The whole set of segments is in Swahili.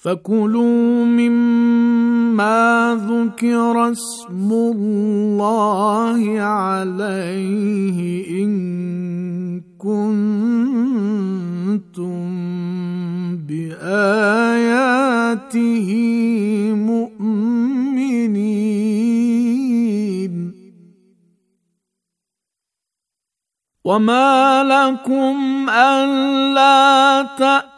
فكلوا مما ذكر اسم الله عليه ان كنتم باياته مؤمنين وما لكم الا تاتوا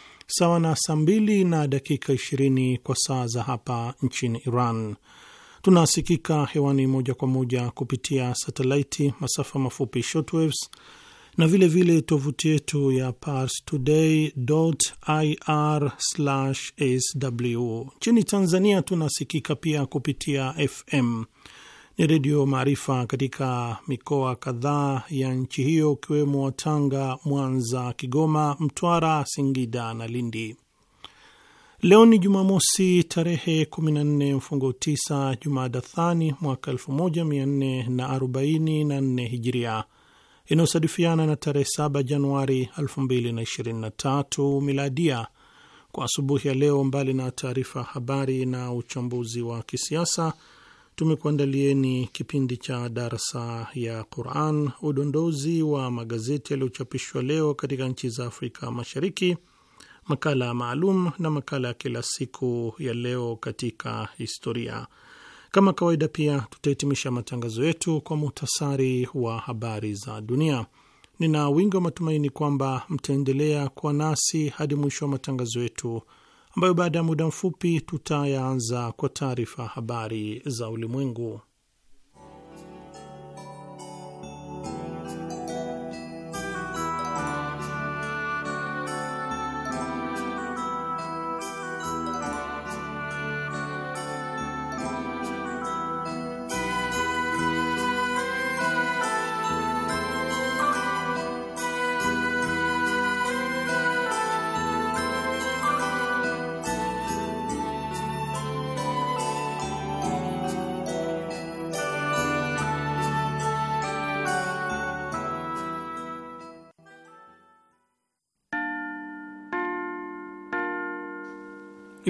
sawa na saa mbili na dakika ishirini kwa saa za hapa nchini Iran. Tunasikika hewani moja kwa moja kupitia satelaiti, masafa mafupi shortwaves na vilevile tovuti yetu ya pars today ir sw Nchini Tanzania tunasikika pia kupitia FM ni Redio Maarifa katika mikoa kadhaa ya nchi hiyo ukiwemo Tanga, Mwanza, Kigoma, Mtwara, Singida na Lindi. Leo ni Jumamosi tarehe 14 mfungo 9 Jumada Thani mwaka 1444 Hijiria inayosadifiana na tarehe 7 Januari 2023 Miladia. Kwa asubuhi ya leo, mbali na taarifa habari na uchambuzi wa kisiasa tumekuandalieni kipindi cha darsa ya Quran, udondozi wa magazeti yaliyochapishwa leo katika nchi za Afrika Mashariki, makala maalum na makala ya kila siku ya leo katika historia. Kama kawaida, pia tutahitimisha matangazo yetu kwa muhtasari wa habari za dunia. Nina wingi wa matumaini kwamba mtaendelea kuwa nasi hadi mwisho wa matangazo yetu ambayo baada ya muda mfupi tutayaanza kwa taarifa habari za ulimwengu.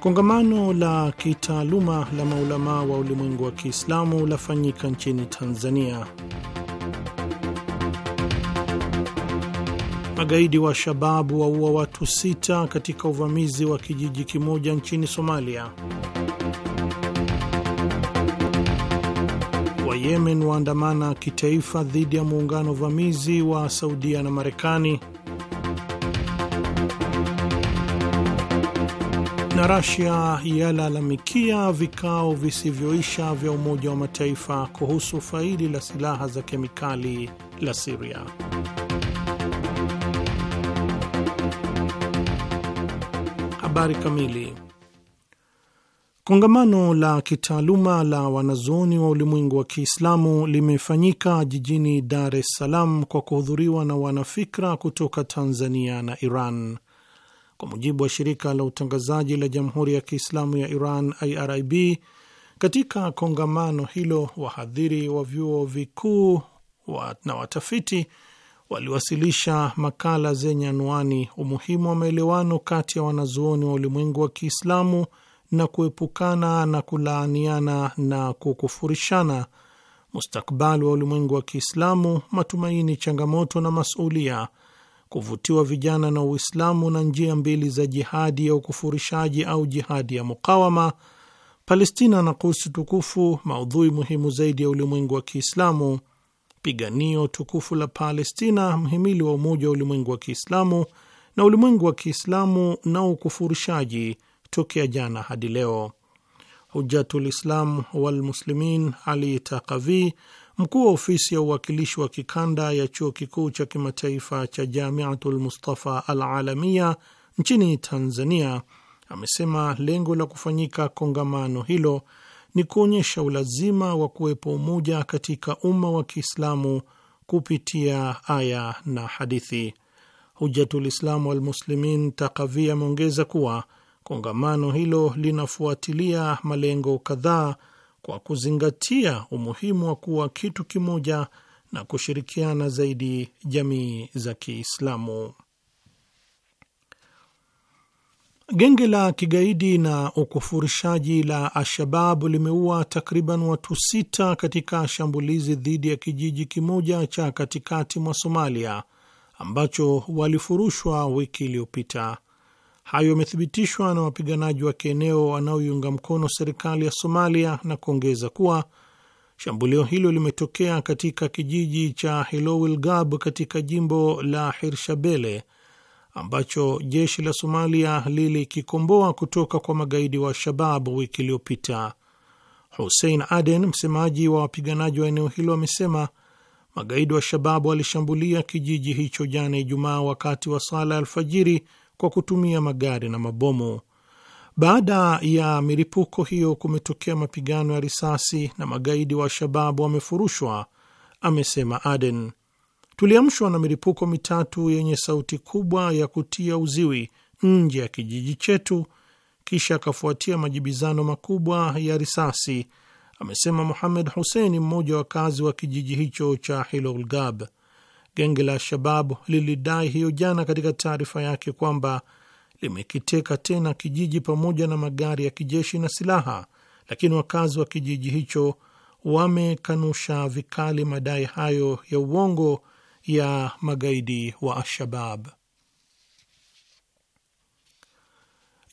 Kongamano la kitaaluma la maulamaa wa ulimwengu wa Kiislamu lafanyika nchini Tanzania. Magaidi wa Shababu waua watu sita katika uvamizi wa kijiji kimoja nchini Somalia. Wa Yemen waandamana kitaifa dhidi ya muungano vamizi wa Saudia na Marekani. na Rasia yalalamikia vikao visivyoisha vya Umoja wa Mataifa kuhusu faili la silaha za kemikali la Siria. Habari kamili. Kongamano la kitaaluma la wanazuoni wa ulimwengu wa Kiislamu limefanyika jijini Dar es Salaam kwa kuhudhuriwa na wanafikra kutoka Tanzania na Iran. Kwa mujibu wa shirika la utangazaji la Jamhuri ya Kiislamu ya Iran IRIB, katika kongamano hilo wahadhiri wa vyuo vikuu wa na watafiti waliwasilisha makala zenye anwani umuhimu wa maelewano kati ya wanazuoni wa ulimwengu wa Kiislamu na kuepukana na kulaaniana na kukufurishana, mustakbali wa ulimwengu wa Kiislamu, matumaini, changamoto na masulia kuvutiwa vijana na Uislamu na njia mbili za jihadi ya ukufurishaji au jihadi ya mukawama, Palestina na Quds tukufu, maudhui muhimu zaidi ya ulimwengu wa Kiislamu, piganio tukufu la Palestina, mhimili wa umoja wa ulimwengu wa Kiislamu na ulimwengu wa Kiislamu na ukufurishaji, tokea jana hadi leo. Hujjatul Islam wal Muslimin Ali Taqavi Mkuu wa ofisi ya uwakilishi wa kikanda ya chuo kikuu cha kimataifa cha Jamiatul Mustafa Al Alamiya nchini Tanzania amesema lengo la kufanyika kongamano hilo ni kuonyesha ulazima wa kuwepo umoja katika umma wa Kiislamu kupitia aya na hadithi. Hujatul Islamu Walmuslimin Takavi ameongeza kuwa kongamano hilo linafuatilia malengo kadhaa kwa kuzingatia umuhimu wa kuwa kitu kimoja na kushirikiana zaidi jamii za Kiislamu. Genge la kigaidi na ukufurishaji la Alshababu limeua takriban watu sita katika shambulizi dhidi ya kijiji kimoja cha katikati mwa Somalia ambacho walifurushwa wiki iliyopita. Hayo yamethibitishwa na wapiganaji wa kieneo wanaoiunga mkono serikali ya Somalia na kuongeza kuwa shambulio hilo limetokea katika kijiji cha Helowilgab katika jimbo la Hirshabele ambacho jeshi la Somalia lilikikomboa kutoka kwa magaidi wa Shabab wiki iliyopita. Hussein Aden, msemaji wa wapiganaji wa eneo hilo, amesema magaidi wa Shabab walishambulia kijiji hicho jana Ijumaa wakati wa sala alfajiri kwa kutumia magari na mabomu. Baada ya milipuko hiyo, kumetokea mapigano ya risasi na magaidi wa Shababu wamefurushwa, amesema Aden. Tuliamshwa na milipuko mitatu yenye sauti kubwa ya kutia uziwi nje ya kijiji chetu, kisha akafuatia majibizano makubwa ya risasi, amesema Muhamed Hussein, mmoja wa kazi wa kijiji hicho cha Hilolgab. Genge la Al-Shabab lilidai hiyo jana katika taarifa yake kwamba limekiteka tena kijiji pamoja na magari ya kijeshi na silaha, lakini wakazi wa kijiji hicho wamekanusha vikali madai hayo ya uongo ya magaidi wa Al-Shabab.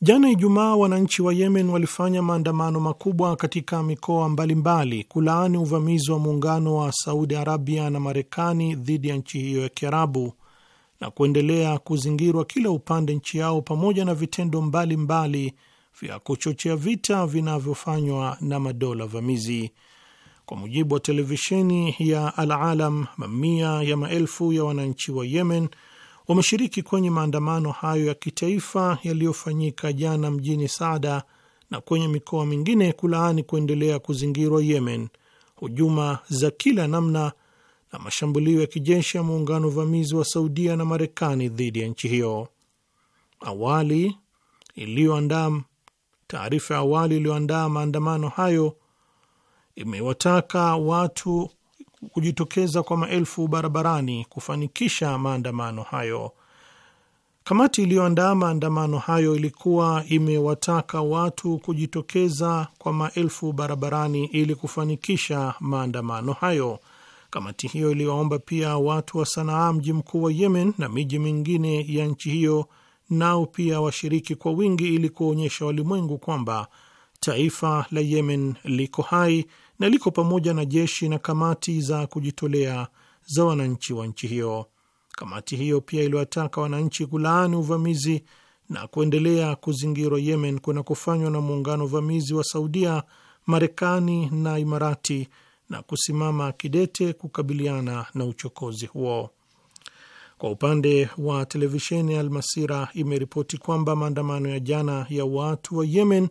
Jana Ijumaa, wananchi wa Yemen walifanya maandamano makubwa katika mikoa mbalimbali kulaani uvamizi wa muungano wa Saudi Arabia na Marekani dhidi ya nchi hiyo ya Kiarabu na kuendelea kuzingirwa kila upande nchi yao pamoja na vitendo mbalimbali mbali vya kuchochea vita vinavyofanywa na madola vamizi. Kwa mujibu wa televisheni ya Al Alam, mamia ya maelfu ya wananchi wa Yemen wameshiriki kwenye maandamano hayo ya kitaifa yaliyofanyika jana mjini Saada na kwenye mikoa mingine kulaani kuendelea kuzingirwa Yemen, hujuma za kila namna na mashambulio ya kijeshi ya muungano uvamizi wa Saudia na Marekani dhidi ya nchi hiyo. Awali iliyoandaa taarifa ya awali iliyoandaa maandamano hayo imewataka watu kujitokeza kwa maelfu barabarani kufanikisha maandamano hayo. Kamati iliyoandaa maandamano hayo ilikuwa imewataka watu kujitokeza kwa maelfu barabarani ili kufanikisha maandamano hayo. Kamati hiyo iliwaomba pia watu wa Sanaa, mji mkuu wa Yemen, na miji mingine ya nchi hiyo nao pia washiriki kwa wingi ili kuonyesha walimwengu kwamba taifa la Yemen liko hai na liko pamoja na jeshi na kamati za kujitolea za wananchi wa nchi hiyo. Kamati hiyo pia iliwataka wananchi kulaani uvamizi na kuendelea kuzingirwa Yemen kufanywa na muungano uvamizi wa Saudia, Marekani na Imarati na kusimama kidete kukabiliana na uchokozi huo. Kwa upande wa televisheni Almasira imeripoti kwamba maandamano ya jana ya watu wa Yemen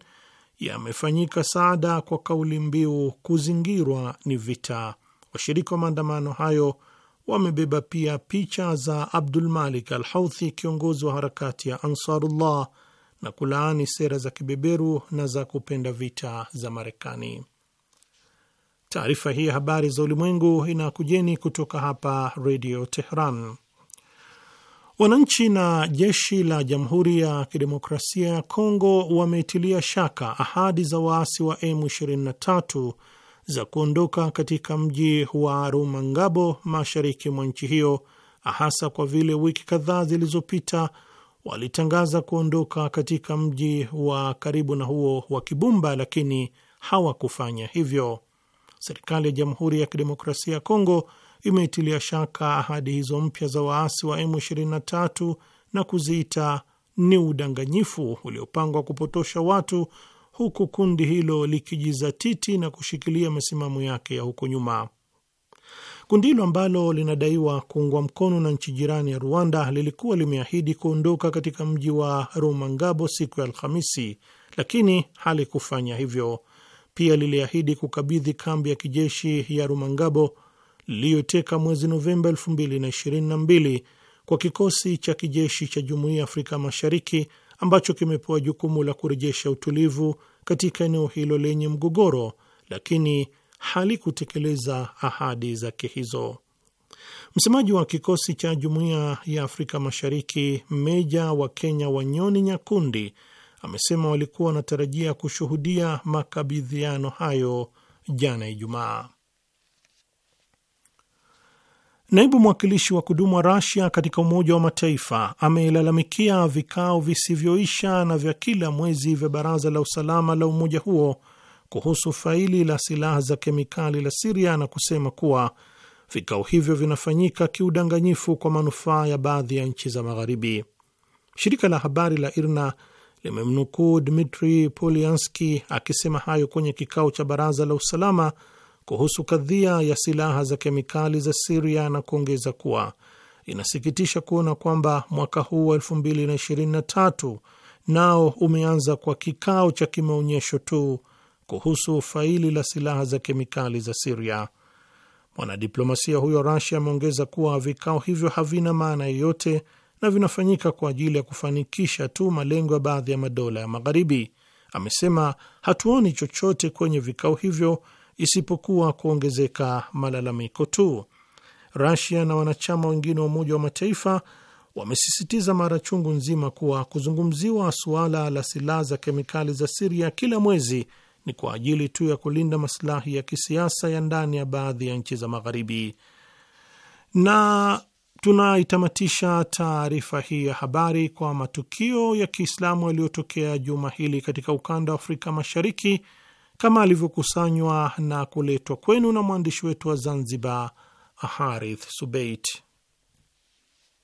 yamefanyika Saada kwa kauli mbiu kuzingirwa ni vita. Washiriki wa maandamano hayo wamebeba pia picha za Abdul Malik al Houthi, kiongozi wa harakati ya Ansarullah, na kulaani sera za kibeberu na za kupenda vita za Marekani. Taarifa hii ya habari za ulimwengu inakujeni kutoka hapa Redio Tehran. Wananchi na jeshi la Jamhuri ya Kidemokrasia ya Kongo wametilia shaka ahadi za waasi wa M23 za kuondoka katika mji wa Rumangabo mashariki mwa nchi hiyo, hasa kwa vile wiki kadhaa zilizopita walitangaza kuondoka katika mji wa karibu na huo wa Kibumba, lakini hawakufanya hivyo. Serikali ya Jamhuri ya Kidemokrasia ya Kongo imetilia shaka ahadi hizo mpya za waasi wa M23 na kuziita ni udanganyifu uliopangwa kupotosha watu, huku kundi hilo likijizatiti na kushikilia misimamo yake ya huko nyuma. Kundi hilo ambalo linadaiwa kuungwa mkono na nchi jirani ya Rwanda lilikuwa limeahidi kuondoka katika mji wa Rumangabo siku ya Alhamisi, lakini halikufanya hivyo. Pia liliahidi kukabidhi kambi ya kijeshi ya Rumangabo iliyoteka mwezi Novemba 2022 kwa kikosi cha kijeshi cha Jumuiya ya Afrika Mashariki ambacho kimepewa jukumu la kurejesha utulivu katika eneo hilo lenye mgogoro, lakini halikutekeleza ahadi zake hizo. Msemaji wa kikosi cha Jumuiya ya Afrika Mashariki, meja wa Kenya Wanyoni Nyakundi, amesema walikuwa wanatarajia kushuhudia makabidhiano hayo jana Ijumaa. Naibu mwakilishi wa kudumu wa Rasia katika Umoja wa Mataifa amelalamikia vikao visivyoisha na vya kila mwezi vya Baraza la Usalama la umoja huo kuhusu faili la silaha za kemikali la Siria na kusema kuwa vikao hivyo vinafanyika kiudanganyifu kwa manufaa ya baadhi ya nchi za Magharibi. Shirika la habari la IRNA limemnukuu Dmitri Polyanski akisema hayo kwenye kikao cha Baraza la Usalama kuhusu kadhia ya silaha za kemikali za Siria na kuongeza kuwa inasikitisha kuona kwamba mwaka huu wa 2023 nao umeanza kwa kikao cha kimaonyesho tu kuhusu faili la silaha za kemikali za Siria. Mwanadiplomasia huyo Rasia ameongeza kuwa vikao hivyo havina maana yoyote na vinafanyika kwa ajili ya kufanikisha tu malengo ya baadhi ya madola ya Magharibi. Amesema hatuoni chochote kwenye vikao hivyo isipokuwa kuongezeka malalamiko tu. Rasia na wanachama wengine wa Umoja wa Mataifa wamesisitiza mara chungu nzima kuwa kuzungumziwa suala la silaha za kemikali za Siria kila mwezi ni kwa ajili tu ya kulinda masilahi ya kisiasa ya ndani ya baadhi ya nchi za Magharibi. Na tunaitamatisha taarifa hii ya habari kwa matukio ya Kiislamu yaliyotokea juma hili katika ukanda wa Afrika Mashariki kama alivyokusanywa na kuletwa kwenu na mwandishi wetu wa Zanzibar, Harith Subeit.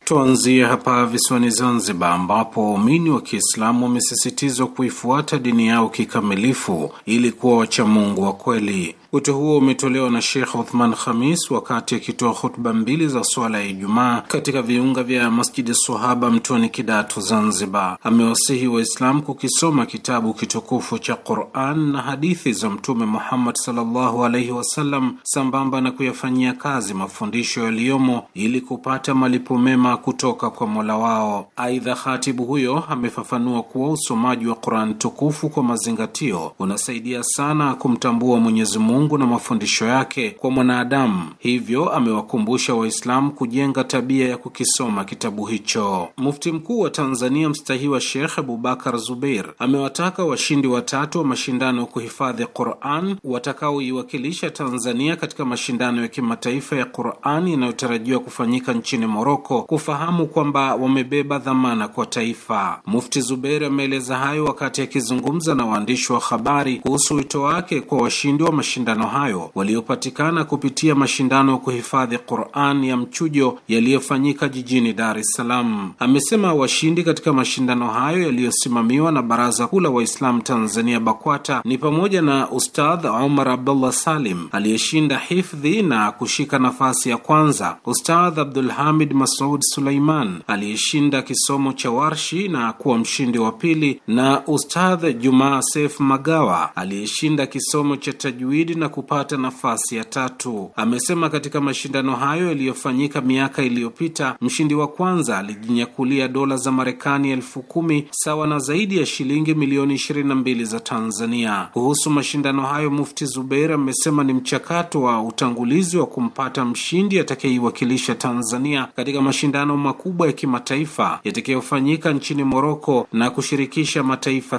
Tuanzie hapa visiwani Zanzibar, ambapo waumini wa Kiislamu wamesisitizwa kuifuata dini yao kikamilifu ili kuwa wachamungu wa kweli. Wito huo umetolewa na Sheikh Uthman Khamis wakati akitoa hutuba mbili za swala ya Ijumaa katika viunga vya Masjidi Sohaba Mtoni Kidatu, Zanzibar. Amewasihi waislam kukisoma kitabu kitukufu cha Quran na hadithi za Mtume Muhammad sallallahu alaihi wasallam sambamba na kuyafanyia kazi mafundisho yaliyomo ili kupata malipo mema kutoka kwa Mola wao. Aidha, khatibu huyo amefafanua kuwa usomaji wa Quran tukufu kwa mazingatio unasaidia sana kumtambua Mwenyezi Mungu Mungu na mafundisho yake kwa mwanadamu, hivyo amewakumbusha Waislamu kujenga tabia ya kukisoma kitabu hicho. Mufti mkuu wa Tanzania mstahiwa Sheikh Abubakar Zubeir amewataka washindi watatu wa mashindano ya kuhifadhi Quran watakaoiwakilisha Tanzania katika mashindano ya kimataifa ya Quran yanayotarajiwa kufanyika nchini Moroko kufahamu kwamba wamebeba dhamana kwa taifa. Mufti Zubeir ameeleza hayo wakati akizungumza na waandishi wa habari kuhusu wito wake kwa washindi wa mashindano mashindano hayo waliopatikana kupitia mashindano ya kuhifadhi Qur'an ya mchujo yaliyofanyika jijini Dar es Salaam. Amesema washindi katika mashindano hayo yaliyosimamiwa na Baraza Kuu la Waislamu Tanzania BAKWATA ni pamoja na Ustadh Omar Abdullah Salim aliyeshinda hifdhi na kushika nafasi ya kwanza, Ustadh Abdul Hamid Masud Suleiman aliyeshinda kisomo cha warshi na kuwa mshindi wa pili, na Ustadh Jumaa sef Magawa aliyeshinda kisomo cha tajwidi na kupata nafasi ya tatu. Amesema katika mashindano hayo yaliyofanyika miaka iliyopita, mshindi wa kwanza alijinyakulia dola za Marekani elfu kumi sawa na zaidi ya shilingi milioni mbili za Tanzania. Kuhusu mashindano hayo, Mufti Zubeir amesema ni mchakato wa utangulizi wa kumpata mshindi atakayeiwakilisha Tanzania katika mashindano makubwa ya kimataifa yatakayofanyika nchini Moroko na kushirikisha mataifa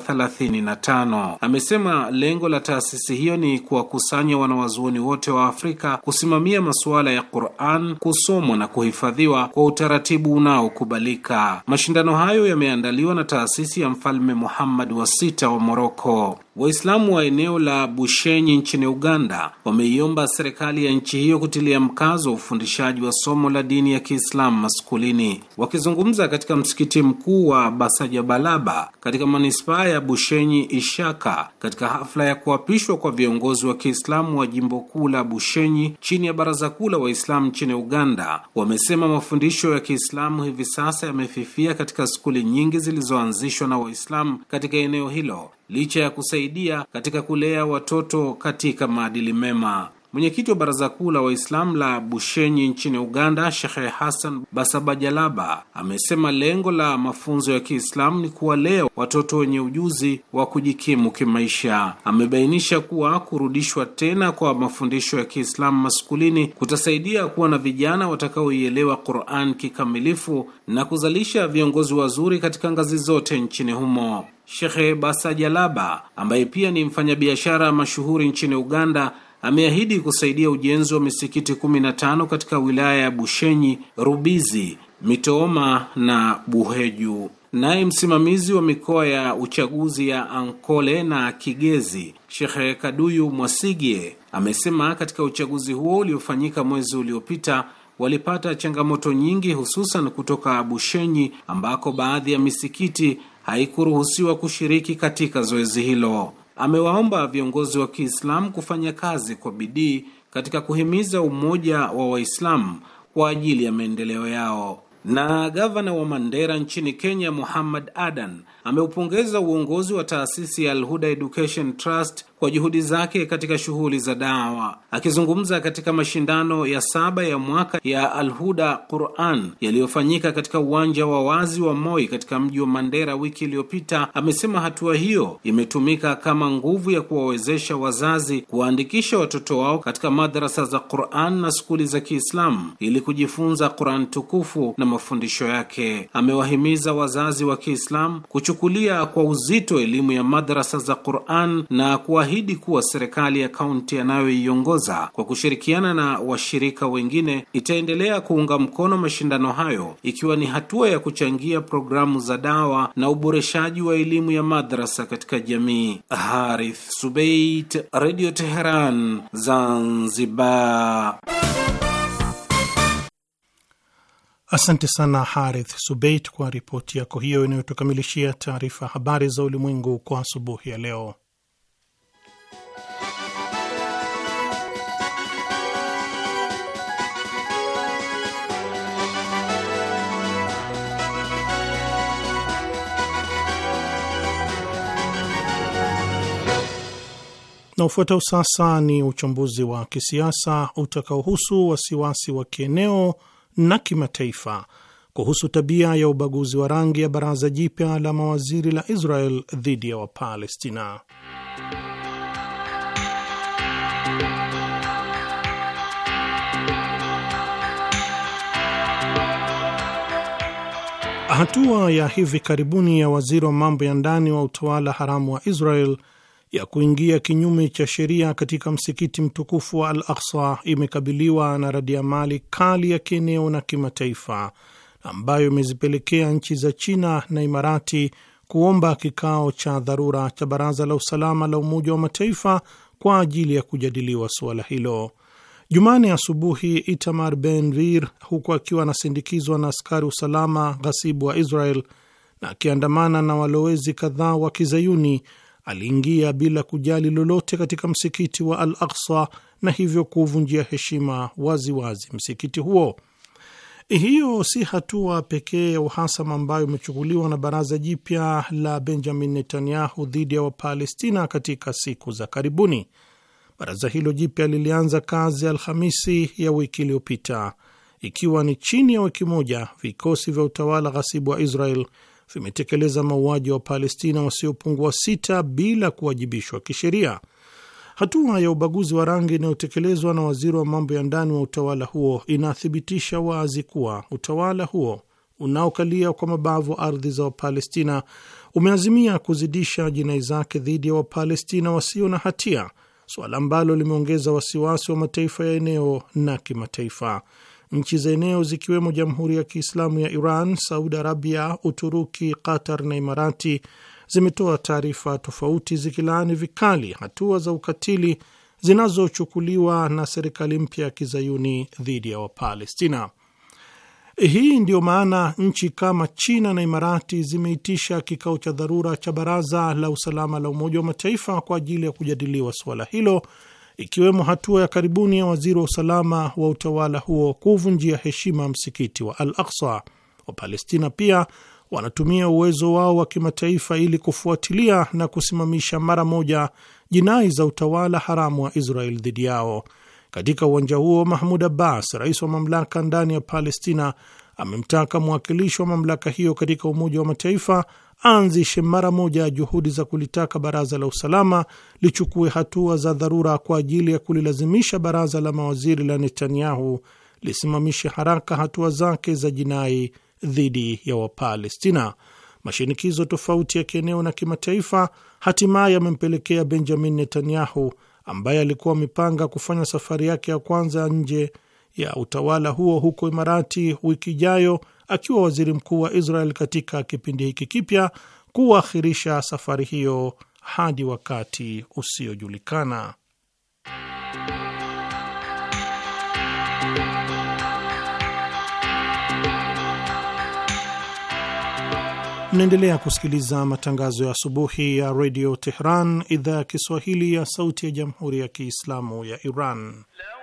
tano Amesema lengo la taasisi hiyo ni kuwakusa kuwakusanya wanawazuoni wote wa Afrika kusimamia masuala ya Qur'an kusomwa na kuhifadhiwa kwa utaratibu unaokubalika. Mashindano hayo yameandaliwa na taasisi ya Mfalme Muhammad wa sita wa Moroko. Waislamu wa eneo la Bushenyi nchini Uganda wameiomba serikali ya nchi hiyo kutilia mkazo wa ufundishaji wa somo la dini ya Kiislamu maskulini. Wakizungumza katika msikiti mkuu wa Basajabalaba katika manispaa ya Bushenyi Ishaka, katika hafla ya kuapishwa kwa viongozi wa Kiislamu wa jimbo kuu la Bushenyi chini ya Baraza Kuu la Waislamu nchini Uganda, wamesema mafundisho ya Kiislamu hivi sasa yamefifia katika skuli nyingi zilizoanzishwa na Waislamu katika eneo hilo licha ya kusaidia katika kulea watoto katika maadili mema. Mwenyekiti wa Baraza Kuu la Waislamu la Bushenyi nchini Uganda, Shekhe Hassan Basabajalaba amesema lengo la mafunzo ya Kiislamu ni kuwalea watoto wenye ujuzi wa kujikimu kimaisha. Amebainisha kuwa kurudishwa tena kwa mafundisho ya Kiislamu maskulini kutasaidia kuwa na vijana watakaoielewa Quran kikamilifu na kuzalisha viongozi wazuri katika ngazi zote nchini humo. Shekhe Basajalaba ambaye pia ni mfanyabiashara mashuhuri nchini Uganda ameahidi kusaidia ujenzi wa misikiti 15 katika wilaya ya Bushenyi, Rubizi, Mitooma na Buheju. Naye msimamizi wa mikoa ya uchaguzi ya Ankole na Kigezi, Shekhe Kaduyu Mwasigie amesema katika uchaguzi huo uliofanyika mwezi uliopita walipata changamoto nyingi, hususan kutoka Bushenyi ambako baadhi ya misikiti haikuruhusiwa kushiriki katika zoezi hilo. Amewaomba viongozi wa Kiislamu kufanya kazi kwa bidii katika kuhimiza umoja wa Waislamu kwa ajili ya maendeleo yao. Na gavana wa Mandera nchini Kenya, Muhammad Adan ameupongeza uongozi wa taasisi ya Alhuda Education Trust kwa juhudi zake katika shughuli za dawa. Akizungumza katika mashindano ya saba ya mwaka ya Alhuda Quran yaliyofanyika katika uwanja wa wazi wa Moi katika mji wa Mandera wiki iliyopita, amesema hatua hiyo imetumika kama nguvu ya kuwawezesha wazazi kuwaandikisha watoto wao katika madrasa za Quran na skuli za Kiislamu ili kujifunza Quran tukufu na mafundisho yake. Amewahimiza wazazi wa Kiislamu kuichukulia kwa uzito elimu ya madrasa za Quran na kuahidi kuwa serikali ya kaunti anayoiongoza kwa kushirikiana na washirika wengine itaendelea kuunga mkono mashindano hayo, ikiwa ni hatua ya kuchangia programu za dawa na uboreshaji wa elimu ya madrasa katika jamii. Harith Subait, Radio Teheran, Zanzibar. Asante sana Harith Subeit kwa ripoti yako hiyo inayotukamilishia taarifa habari za ulimwengu kwa asubuhi ya leo. Na ufuatao sasa ni uchambuzi wa kisiasa utakaohusu wasiwasi wa kieneo na kimataifa kuhusu tabia ya ubaguzi wa rangi ya baraza jipya la mawaziri la Israel dhidi ya Wapalestina. Hatua ya hivi karibuni ya waziri wa mambo ya ndani wa utawala haramu wa Israel ya kuingia kinyume cha sheria katika msikiti mtukufu wa Al Aksa imekabiliwa na radiamali kali ya kieneo na kimataifa ambayo imezipelekea nchi za China na Imarati kuomba kikao cha dharura cha Baraza la Usalama la Umoja wa Mataifa kwa ajili ya kujadiliwa suala hilo. Jumane asubuhi, Itamar Ben Gvir, huku akiwa anasindikizwa na askari usalama ghasibu wa Israel na akiandamana na walowezi kadhaa wa Kizayuni, aliingia bila kujali lolote katika msikiti wa Al Aksa na hivyo kuvunjia heshima waziwazi wazi msikiti huo. Hiyo si hatua pekee ya uhasama ambayo imechukuliwa na baraza jipya la Benjamin Netanyahu dhidi ya Wapalestina katika siku za karibuni. Baraza hilo jipya lilianza kazi Alhamisi ya wiki iliyopita, ikiwa ni chini ya wiki moja vikosi vya utawala ghasibu wa Israel vimetekeleza mauaji wa Palestina wasiopungua wa sita bila kuwajibishwa kisheria. Hatua ya ubaguzi wa rangi inayotekelezwa na waziri wa mambo ya ndani wa utawala huo inathibitisha wazi kuwa utawala huo unaokalia kwa mabavu ardhi za Wapalestina umeazimia kuzidisha jinai zake dhidi ya Wapalestina wasio na hatia, suala ambalo limeongeza wasiwasi wa mataifa ya eneo na kimataifa. Nchi za eneo zikiwemo Jamhuri ya Kiislamu ya Iran, Saudi Arabia, Uturuki, Qatar na Imarati zimetoa taarifa tofauti zikilaani vikali hatua za ukatili zinazochukuliwa na serikali mpya ya kizayuni dhidi ya Wapalestina. Hii ndiyo maana nchi kama China na Imarati zimeitisha kikao cha dharura cha Baraza la Usalama la Umoja wa Mataifa kwa ajili ya kujadiliwa suala hilo ikiwemo hatua ya karibuni ya waziri wa usalama wa utawala huo kuvunjia heshima msikiti wa Al Aksa. Wapalestina pia wanatumia uwezo wao wa kimataifa ili kufuatilia na kusimamisha mara moja jinai za utawala haramu wa Israel dhidi yao. Katika uwanja huo, Mahmud Abbas, rais wa mamlaka ndani ya Palestina, amemtaka mwakilishi wa mamlaka hiyo katika Umoja wa Mataifa aanzishe mara moja juhudi za kulitaka Baraza la Usalama lichukue hatua za dharura kwa ajili ya kulilazimisha baraza la mawaziri la Netanyahu lisimamishe haraka hatua zake za jinai dhidi ya Wapalestina. Mashinikizo tofauti ya kieneo na kimataifa hatimaye yamempelekea Benjamin Netanyahu ambaye alikuwa amepanga kufanya safari yake ya kwanza nje ya utawala huo huko Imarati wiki ijayo akiwa waziri mkuu wa Israel katika kipindi hiki kipya kuakhirisha safari hiyo hadi wakati usiojulikana. Mnaendelea kusikiliza matangazo ya asubuhi ya redio Tehran, idhaa ya Kiswahili ya sauti ya jamhuri ya kiislamu ya Iran. Hello.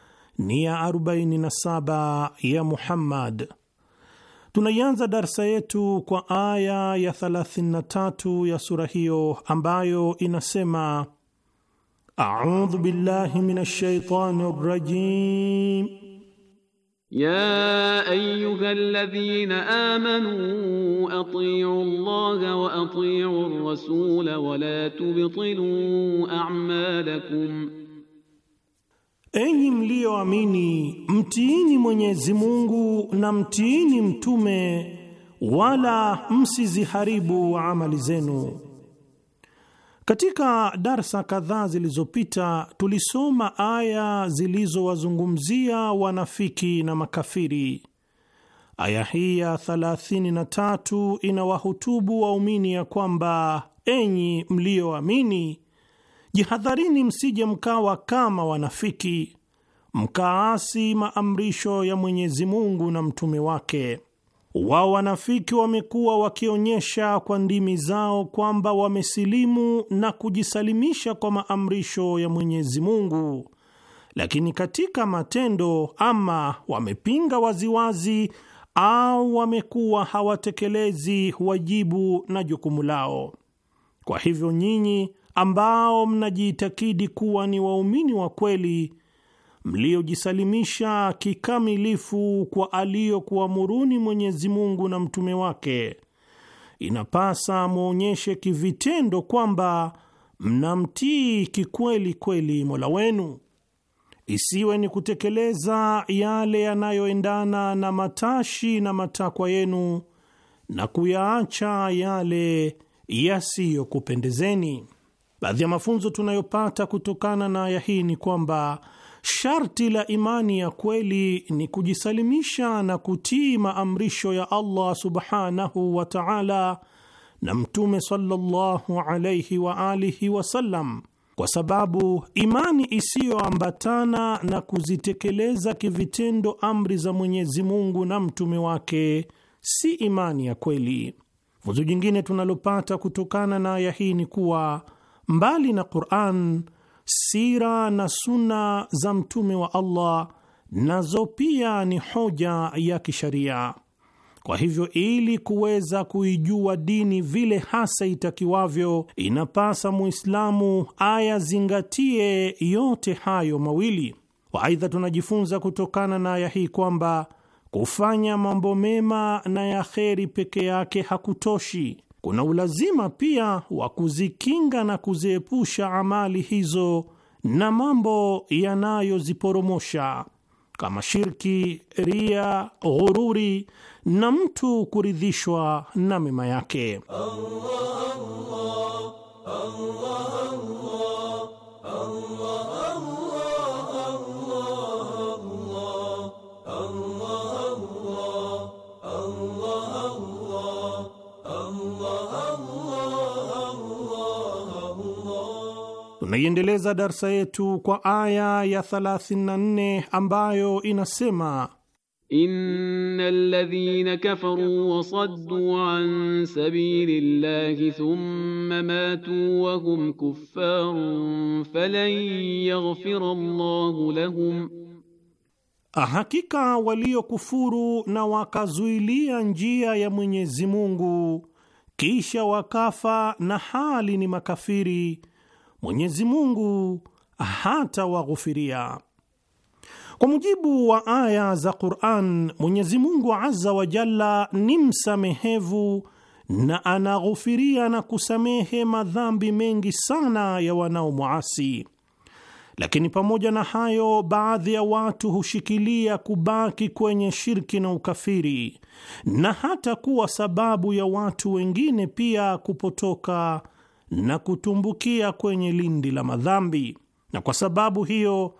ni ya 47 ya Muhammad. Tunaianza darsa yetu kwa aya ya 33 ya sura hiyo ambayo inasema: audhu billahi minash shaitani rajim ya ayyuhalladhina amanu atiiu Allaha wa atiiu ar-rasula wa tubtilu a'malakum Enyi mliyoamini, mtiini Mwenyezi Mungu na mtiini mtume, wala msiziharibu amali zenu. Katika darsa kadhaa zilizopita tulisoma aya zilizowazungumzia wanafiki na makafiri. Aya hii ya 33 inawahutubu waumini ya kwamba enyi mliyoamini jihadharini msije mkawa kama wanafiki mkaasi maamrisho ya Mwenyezi Mungu na mtume wake. Wao wanafiki wamekuwa wakionyesha kwa ndimi zao kwamba wamesilimu na kujisalimisha kwa maamrisho ya Mwenyezi Mungu, lakini katika matendo ama wamepinga waziwazi au wamekuwa hawatekelezi wajibu na jukumu lao. Kwa hivyo nyinyi ambao mnajiitakidi kuwa ni waumini wa kweli mliojisalimisha kikamilifu kwa aliyokuamuruni Mwenyezi Mungu na mtume wake, inapasa mwonyeshe kivitendo kwamba mnamtii kikweli kweli Mola wenu. Isiwe ni kutekeleza yale yanayoendana na matashi na matakwa yenu na kuyaacha yale yasiyokupendezeni. Baadhi ya mafunzo tunayopata kutokana na aya hii ni kwamba sharti la imani ya kweli ni kujisalimisha na kutii maamrisho ya Allah subhanahu wa ta'ala na Mtume sallallahu alaihi wa alihi wasallam, kwa sababu imani isiyoambatana na kuzitekeleza kivitendo amri za Mwenyezi Mungu na mtume wake si imani ya kweli. Funzo jingine tunalopata kutokana na aya hii ni kuwa Mbali na Quran, sira na suna za mtume wa Allah nazo pia ni hoja ya kisharia. Kwa hivyo, ili kuweza kuijua dini vile hasa itakiwavyo, inapasa Muislamu ayazingatie yote hayo mawili. Waaidha, tunajifunza kutokana na aya hii kwamba kufanya mambo mema na ya kheri peke yake hakutoshi kuna ulazima pia wa kuzikinga na kuziepusha amali hizo na mambo yanayoziporomosha kama shirki, ria, ghururi na mtu kuridhishwa na mema yake. Allah, Allah, Allah. Tunaiendeleza darsa yetu kwa aya ya 34 ambayo inasema Innal ladhina kafaru wa saddu an sabilillahi thumma matu wa hum kuffarun falan yaghfira Allahu lahum, hakika waliokufuru na wakazuilia njia ya Mwenyezi Mungu kisha wakafa na hali ni makafiri Mwenyezi Mungu hatawaghufiria. Kwa mujibu wa aya za Qur'an, Mwenyezi Mungu Azza wa Jalla ni msamehevu na anaghufiria na kusamehe madhambi mengi sana ya wanaomwasi. Lakini pamoja na hayo, baadhi ya watu hushikilia kubaki kwenye shirki na ukafiri na hata kuwa sababu ya watu wengine pia kupotoka na kutumbukia kwenye lindi la madhambi, na kwa sababu hiyo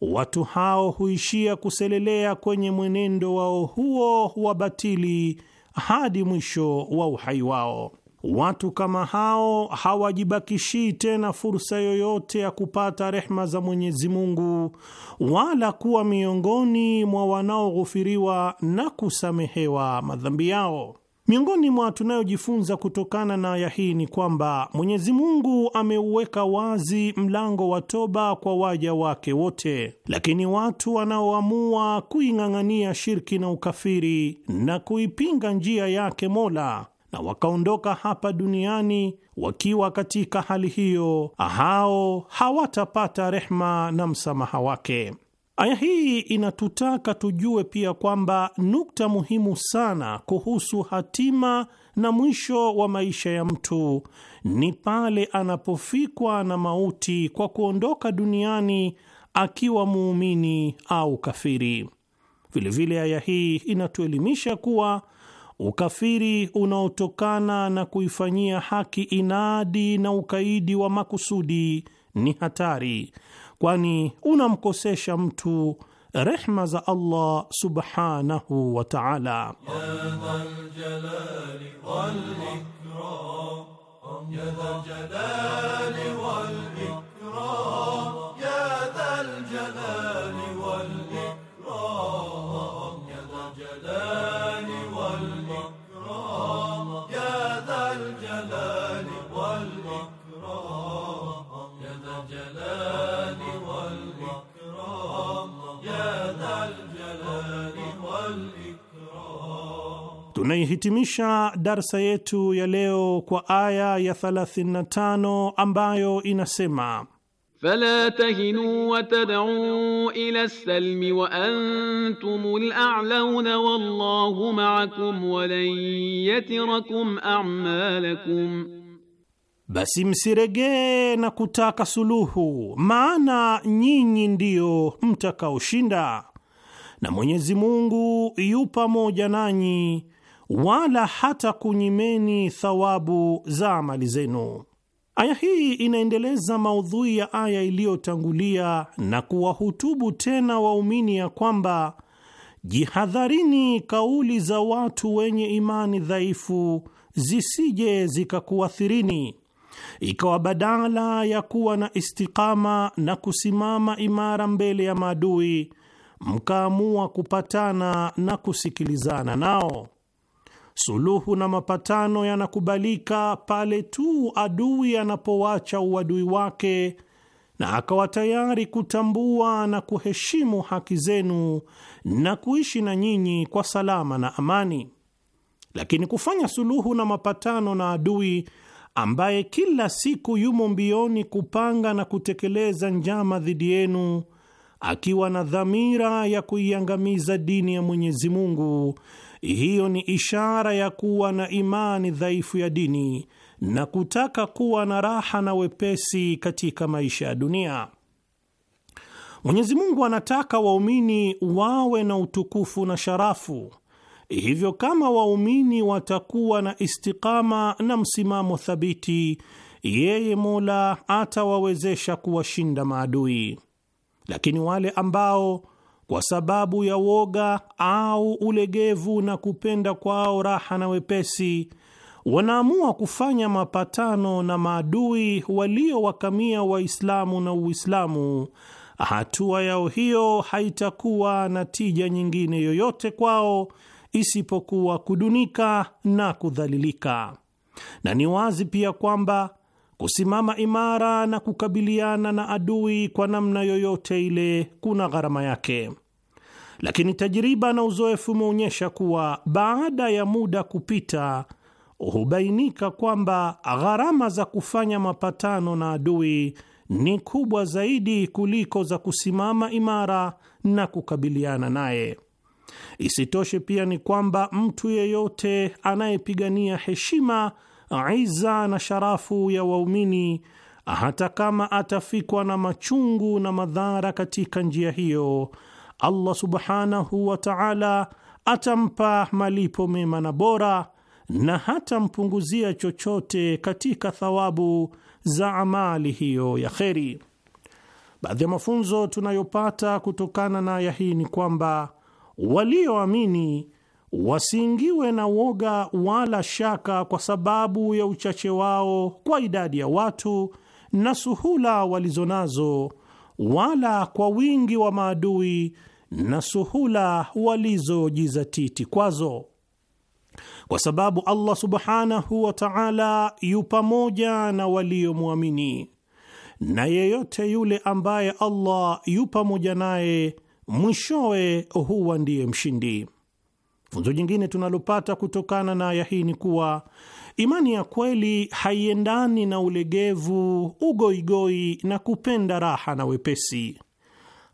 watu hao huishia kuselelea kwenye mwenendo wao huo wa batili hadi mwisho wa uhai wao. Watu kama hao hawajibakishii tena fursa yoyote ya kupata rehma za Mwenyezi Mungu wala kuwa miongoni mwa wanaoghufiriwa na kusamehewa madhambi yao. Miongoni mwa tunayojifunza kutokana na aya hii ni kwamba Mwenyezi Mungu ameuweka wazi mlango wa toba kwa waja wake wote, lakini watu wanaoamua kuing'ang'ania shirki na ukafiri na kuipinga njia yake Mola na wakaondoka hapa duniani wakiwa katika hali hiyo, hao hawatapata rehma na msamaha wake. Aya hii inatutaka tujue pia kwamba nukta muhimu sana kuhusu hatima na mwisho wa maisha ya mtu ni pale anapofikwa na mauti kwa kuondoka duniani akiwa muumini au kafiri. Vilevile aya hii inatuelimisha kuwa ukafiri unaotokana na kuifanyia haki inadi na ukaidi wa makusudi ni hatari kwani unamkosesha mtu rehma za Allah subhanahu wa ta'ala. Tunaihitimisha darsa yetu ya leo kwa aya ya 35 ambayo inasema Fala tahinu wa tad'u ila salmi wa antumul a'launa wallahu ma'akum wa lan yatirakum a'malakum, basi msiregee na kutaka suluhu, maana nyinyi ndiyo mtakaoshinda, na Mwenyezi Mungu yu pamoja nanyi wala hata kunyimeni thawabu za amali zenu. Aya hii inaendeleza maudhui ya aya iliyotangulia na kuwahutubu tena waumini ya kwamba jihadharini kauli za watu wenye imani dhaifu zisije zikakuathirini, ikawa badala ya kuwa na istikama na kusimama imara mbele ya maadui, mkaamua kupatana na kusikilizana nao Suluhu na mapatano yanakubalika pale tu adui anapowacha uadui wake na akawa tayari kutambua na kuheshimu haki zenu na kuishi na nyinyi kwa salama na amani. Lakini kufanya suluhu na mapatano na adui ambaye kila siku yumo mbioni kupanga na kutekeleza njama dhidi yenu, akiwa na dhamira ya kuiangamiza dini ya Mwenyezi Mungu hiyo ni ishara ya kuwa na imani dhaifu ya dini na kutaka kuwa na raha na wepesi katika maisha ya dunia. Mwenyezi Mungu anataka waumini wawe na utukufu na sharafu. Hivyo kama waumini watakuwa na istikama na msimamo thabiti, yeye Mola atawawezesha kuwashinda maadui. Lakini wale ambao kwa sababu ya woga au ulegevu na kupenda kwao raha na wepesi, wanaamua kufanya mapatano na maadui waliowakamia Waislamu na Uislamu. Hatua yao hiyo haitakuwa na tija nyingine yoyote kwao isipokuwa kudunika na kudhalilika, na ni wazi pia kwamba Kusimama imara na kukabiliana na adui kwa namna yoyote ile kuna gharama yake, lakini tajiriba na uzoefu umeonyesha kuwa baada ya muda kupita hubainika kwamba gharama za kufanya mapatano na adui ni kubwa zaidi kuliko za kusimama imara na kukabiliana naye. Isitoshe pia ni kwamba mtu yeyote anayepigania heshima aiza na sharafu ya waumini, hata kama atafikwa na machungu na madhara katika njia hiyo, Allah subhanahu wa ta'ala atampa malipo mema na bora na hatampunguzia chochote katika thawabu za amali hiyo ya kheri. Baadhi ya mafunzo tunayopata kutokana na aya hii ni kwamba walioamini wasiingiwe na woga wala shaka kwa sababu ya uchache wao kwa idadi ya watu na suhula walizo nazo, wala kwa wingi wa maadui na suhula walizojizatiti kwazo, kwa sababu Allah subhanahu wa ta'ala yu pamoja na waliomwamini, na yeyote yule ambaye Allah yu pamoja naye mwishowe huwa ndiye mshindi. Funzo jingine tunalopata kutokana na aya hii ni kuwa imani ya kweli haiendani na ulegevu, ugoigoi na kupenda raha na wepesi.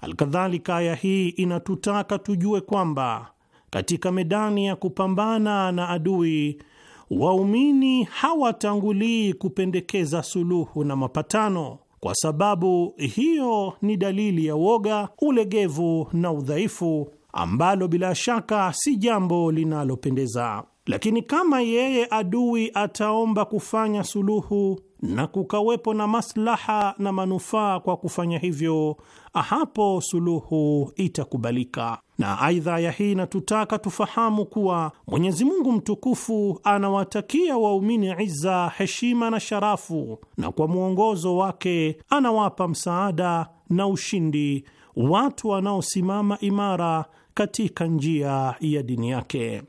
Alkadhalika, aya hii inatutaka tujue kwamba katika medani ya kupambana na adui, waumini hawatangulii kupendekeza suluhu na mapatano, kwa sababu hiyo ni dalili ya woga, ulegevu na udhaifu ambalo bila shaka si jambo linalopendeza. Lakini kama yeye adui ataomba kufanya suluhu na kukawepo na maslaha na manufaa kwa kufanya hivyo, hapo suluhu itakubalika. Na aidha ya hii inatutaka tufahamu kuwa Mwenyezi Mungu mtukufu anawatakia waumini iza heshima na sharafu, na kwa mwongozo wake anawapa msaada na ushindi watu wanaosimama imara katika njia ya dini yake.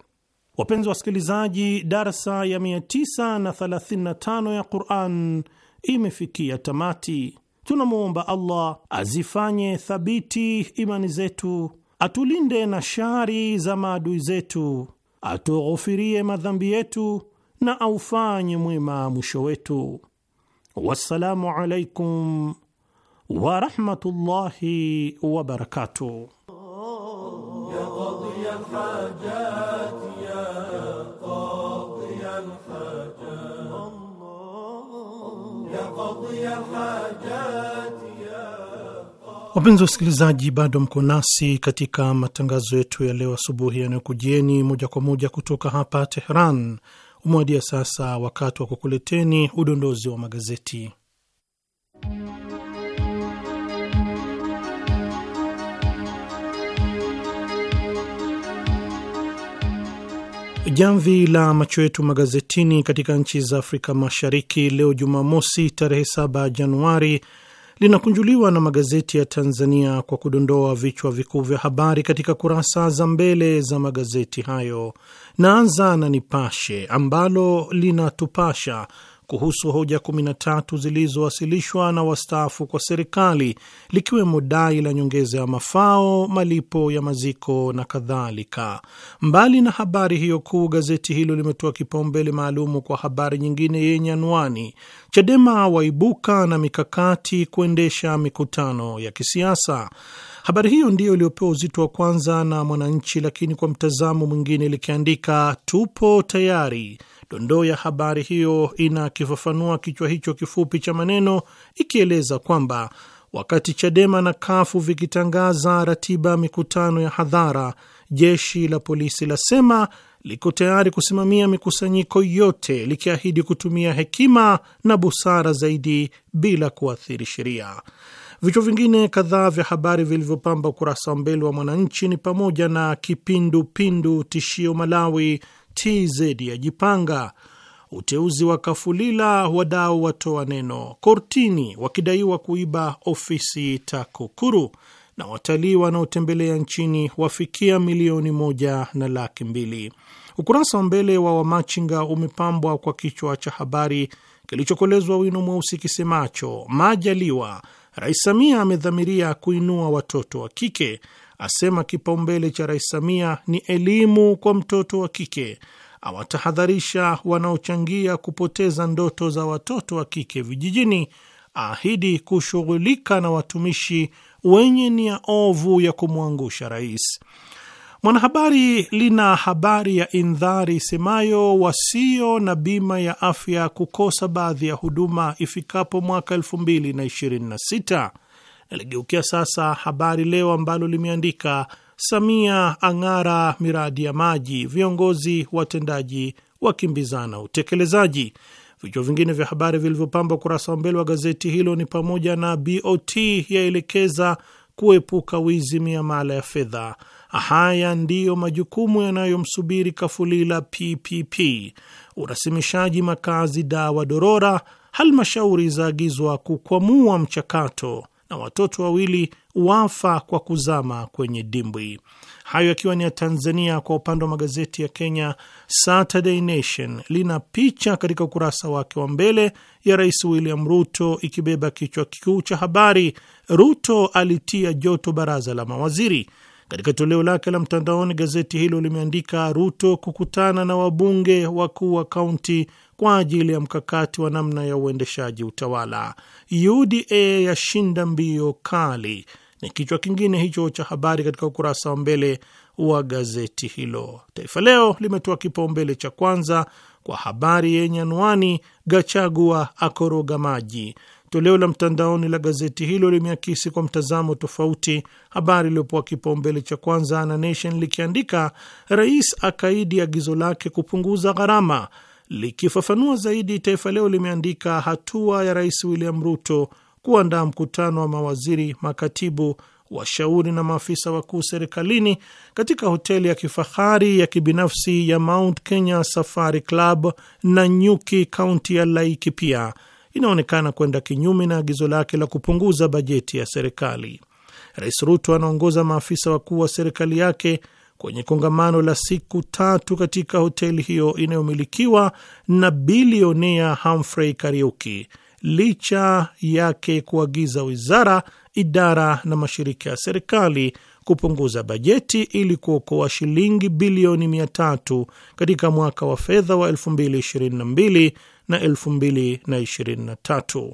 Wapenzi wasikilizaji, darsa ya 935 ya Quran imefikia tamati. Tunamwomba Allah azifanye thabiti imani zetu, atulinde na shari za maadui zetu, atughufirie madhambi yetu na aufanye mwema mwisho wetu. Wassalamu alaikum warahmatullahi wabarakatuh wapenzi wa usikilizaji Wapenzi wasikilizaji, bado mko nasi katika matangazo yetu ya leo asubuhi yanayokujieni moja kwa moja kutoka hapa Tehran. Umewadia sasa wakati wa kukuleteni udondozi wa magazeti. Jamvi la macho yetu magazetini katika nchi za Afrika Mashariki leo Jumamosi tarehe 7 Januari linakunjuliwa na magazeti ya Tanzania kwa kudondoa vichwa vikuu vya habari katika kurasa za mbele za magazeti hayo. Naanza na Nipashe ambalo linatupasha kuhusu hoja 13 zilizowasilishwa na wastaafu kwa serikali, likiwemo dai la nyongeza ya mafao, malipo ya maziko na kadhalika. Mbali na habari hiyo kuu, gazeti hilo limetoa kipaumbele maalumu kwa habari nyingine yenye anwani Chadema waibuka na mikakati kuendesha mikutano ya kisiasa. Habari hiyo ndiyo iliyopewa uzito wa kwanza na Mwananchi, lakini kwa mtazamo mwingine likiandika tupo tayari. Dondoo ya habari hiyo inakifafanua kichwa hicho kifupi cha maneno ikieleza kwamba wakati Chadema na Kafu vikitangaza ratiba mikutano ya hadhara, jeshi la polisi lasema liko tayari kusimamia mikusanyiko yote likiahidi kutumia hekima na busara zaidi bila kuathiri sheria. Vichwa vingine kadhaa vya habari vilivyopamba ukurasa wa mbele wa Mwananchi ni pamoja na kipindupindu tishio Malawi, TZ yajipanga, uteuzi wa Kafulila wadau watoa neno, kortini wakidaiwa kuiba ofisi TAKUKURU na watalii wanaotembelea nchini wafikia milioni moja na laki mbili. Ukurasa wa mbele wa Wamachinga umepambwa kwa kichwa cha habari kilichokolezwa wino mweusi kisemacho Majaliwa Rais Samia amedhamiria kuinua watoto wa kike, asema kipaumbele cha Rais Samia ni elimu kwa mtoto wa kike, awatahadharisha wanaochangia kupoteza ndoto za watoto wa kike vijijini, aahidi kushughulika na watumishi wenye nia ovu ya kumwangusha rais. Mwanahabari lina habari ya indhari isemayo wasio na bima ya afya kukosa baadhi ya huduma ifikapo mwaka 2026. Naligeukia sasa Habari Leo ambalo limeandika Samia ang'ara miradi ya maji, viongozi watendaji wakimbizana utekelezaji. Vichwa vingine vya habari vilivyopamba ukurasa wa mbele wa gazeti hilo ni pamoja na BOT yaelekeza kuepuka wizi miamala ya fedha Haya ndiyo majukumu yanayomsubiri Kafulila PPP: urasimishaji makazi dawa dorora, halmashauri zaagizwa kukwamua mchakato, na watoto wawili wafa kwa kuzama kwenye dimbwi. Hayo yakiwa ni ya Tanzania. Kwa upande wa magazeti ya Kenya, Saturday Nation lina picha katika ukurasa wake wa mbele ya Rais William Ruto ikibeba kichwa kikuu cha habari, Ruto alitia joto baraza la mawaziri. Katika toleo lake la mtandaoni, gazeti hilo limeandika Ruto kukutana na wabunge wakuu wa kaunti kwa ajili ya mkakati wa namna ya uendeshaji utawala. UDA yashinda mbio kali ni kichwa kingine hicho cha habari katika ukurasa wa mbele wa gazeti hilo. Taifa Leo limetoa kipaumbele cha kwanza kwa habari yenye anwani Gachagua akoroga maji, Toleo la mtandaoni la gazeti hilo limeakisi kwa mtazamo tofauti habari iliyopewa kipaumbele cha kwanza na Nation likiandika, rais akaidi agizo lake kupunguza gharama. Likifafanua zaidi, Taifa Leo limeandika hatua ya Rais William Ruto kuandaa mkutano wa mawaziri, makatibu, washauri na maafisa wakuu serikalini katika hoteli ya kifahari ya kibinafsi ya Mount Kenya Safari Club na Nyuki, kaunti ya Laikipia inaonekana kwenda kinyume na agizo lake la kupunguza bajeti ya serikali. Rais Ruto anaongoza maafisa wakuu wa serikali yake kwenye kongamano la siku tatu katika hoteli hiyo inayomilikiwa na bilionea Humphrey Kariuki licha yake kuagiza wizara, idara na mashirika ya serikali kupunguza bajeti ili kuokoa shilingi bilioni mia tatu katika mwaka wa fedha wa 2022 na 2023.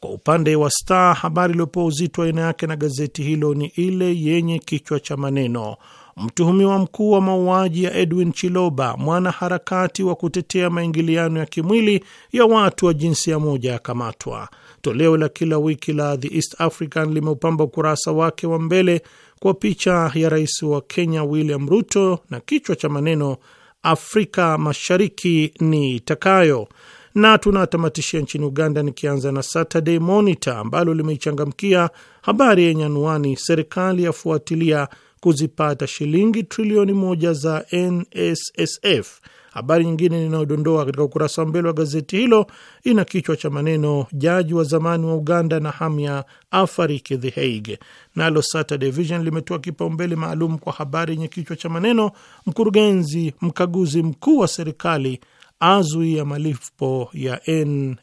Kwa upande wa Star, habari iliyopewa uzito aina yake na gazeti hilo ni ile yenye kichwa cha maneno mtuhumiwa mkuu wa mauaji ya Edwin Chiloba, mwanaharakati wa kutetea maingiliano ya kimwili ya watu wa jinsia moja yakamatwa. Toleo la kila wiki la The East African limeupamba ukurasa wake wa mbele kwa picha ya rais wa Kenya William Ruto na kichwa cha maneno Afrika Mashariki ni itakayo na tunatamatishia nchini Uganda, nikianza na Saturday Monitor ambalo limeichangamkia habari yenye anwani serikali yafuatilia kuzipata shilingi trilioni moja za NSSF. Habari nyingine inayodondoa katika ukurasa wa mbele wa gazeti hilo ina kichwa cha maneno jaji wa zamani wa Uganda na hamya afariki The Hague. Nalo Saturday Vision limetoa kipaumbele maalum kwa habari yenye kichwa cha maneno mkurugenzi mkaguzi mkuu wa serikali azwi ya malipo ya NSSF.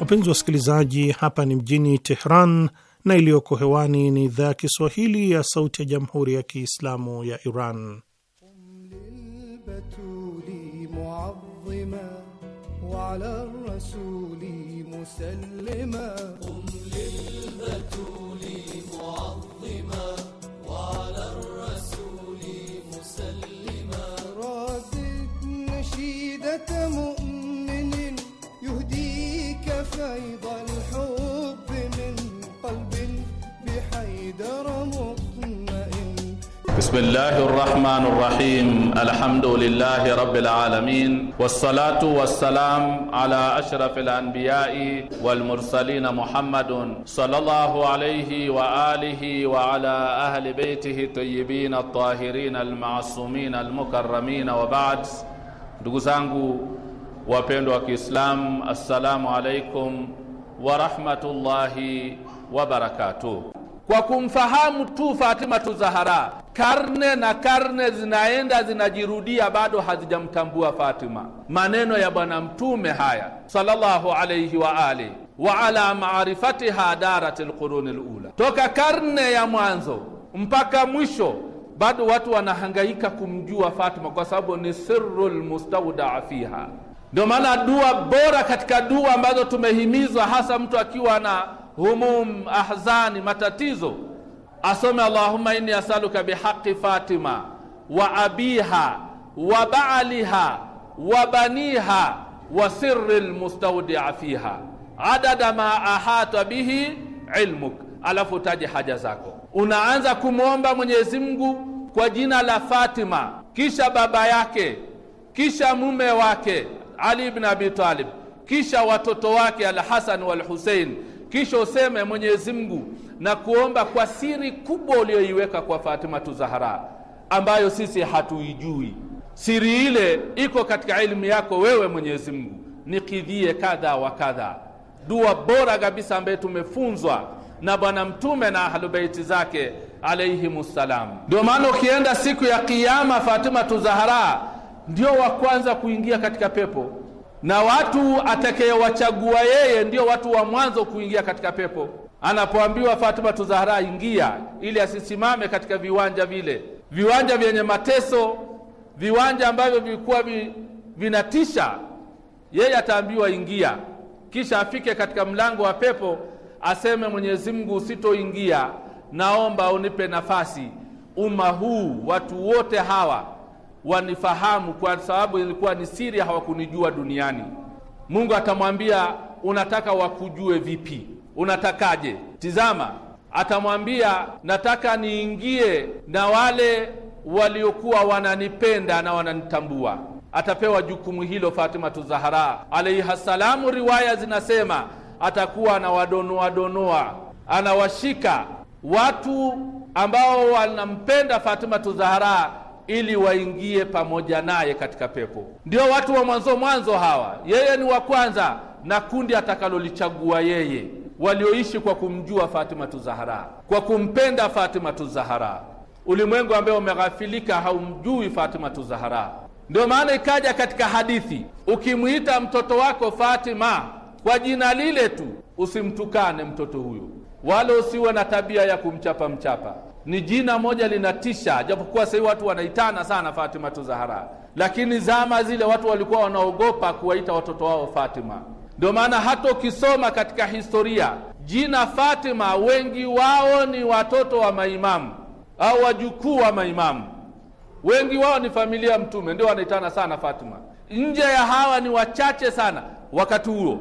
Wapenzi wa wasikilizaji, hapa ni mjini Tehran na iliyoko hewani ni idhaa ya Kiswahili ya Sauti ya Jamhuri ya Kiislamu ya Iran. وعلى الرسول مسلما قم للبتول معظما وعلى الرسول مسلما ردد نشيدة مؤمن يهديك فيض الحب من قلب بحيدر مقيم بسم الله الرحمن الرحيم الحمد لله رب العالمين والصلاة والسلام على أشرف الأنبياء والمرسلين محمد صلى الله عليه وآله وعلى أهل بيته الطيبين الطاهرين المعصومين المكرمين وبعد دوزانغو دقزانقو إسلام السلام عليكم ورحمة الله وبركاته kwa kumfahamu tu tu Zahara. Karne na karne zinaenda zinajirudia, bado hazijamtambua Fatima. Maneno ya Bwana Mtume haya sallallahu alayhi wa alihi wa ala marifatiha darat lquruni lula toka karne ya mwanzo mpaka mwisho, bado watu wanahangaika kumjua Fatima kwa sababu ni siru lmustaudaa fiha. Ndio maana dua bora katika dua ambazo tumehimizwa, hasa mtu akiwa na humum, ahzani, matatizo, asome Allahumma inni asaluka bihaqi Fatima wa abiha wa baaliha wa baniha wa sirri lmustaudia fiha adada ma ahata bihi ilmuk, alafu utaje haja zako. Unaanza kumwomba Mwenyezi Mungu kwa jina la Fatima, kisha baba yake, kisha mume wake Ali ibn Abi Talib, kisha watoto wake Alhasan walhusein kisha useme mwenyezi mungu na kuomba kwa siri kubwa uliyoiweka kwa fatima zahara ambayo sisi hatuijui siri ile iko katika elimu yako wewe mwenyezi mungu nikidhie kadha wa kadha dua bora kabisa ambaye tumefunzwa na bwana mtume na ahlubeiti zake ssalam ndio maana ukienda siku ya kiama fatima zahara ndio wa kwanza kuingia katika pepo na watu atakayewachagua yeye ndio watu wa mwanzo kuingia katika pepo. Anapoambiwa Fatima Tuzahara, ingia, ili asisimame katika viwanja vile, viwanja vyenye mateso, viwanja ambavyo vilikuwa vi, vinatisha. Yeye ataambiwa ingia, kisha afike katika mlango wa pepo, aseme Mwenyezi Mungu, usitoingia, naomba unipe nafasi. Umma huu watu wote hawa wanifahamu, kwa sababu ilikuwa ni siri, hawakunijua duniani. Mungu atamwambia unataka wakujue vipi? Unatakaje? Tizama, atamwambia nataka niingie na wale waliokuwa wananipenda na wananitambua. Atapewa jukumu hilo fatima Zahara alaiha salamu. Riwaya zinasema atakuwa anawadonoa donoa, anawashika watu ambao wanampenda Fatimatu Zahara ili waingie pamoja naye katika pepo. Ndio watu wa mwanzo mwanzo hawa, yeye ni wa kwanza na kundi atakalolichagua yeye, walioishi kwa kumjua Fatimatu Zahara, kwa kumpenda Fatimatu Zahara. Ulimwengu ambaye umeghafilika haumjui Fatimatu Zahara. Ndio maana ikaja katika hadithi, ukimwita mtoto wako Fatima kwa jina lile tu, usimtukane mtoto huyo, wala usiwe na tabia ya kumchapa mchapa ni jina moja linatisha, japokuwa sahii watu wanaitana sana fatima tu Zahara, lakini zama zile watu walikuwa wanaogopa kuwaita watoto wao Fatima. Ndio maana hata ukisoma katika historia jina Fatima, wengi wao ni watoto wa maimamu au wajukuu wa maimamu, wengi wao ni familia Mtume, ndio wanaitana sana Fatima. Nje ya hawa ni wachache sana, wakati huo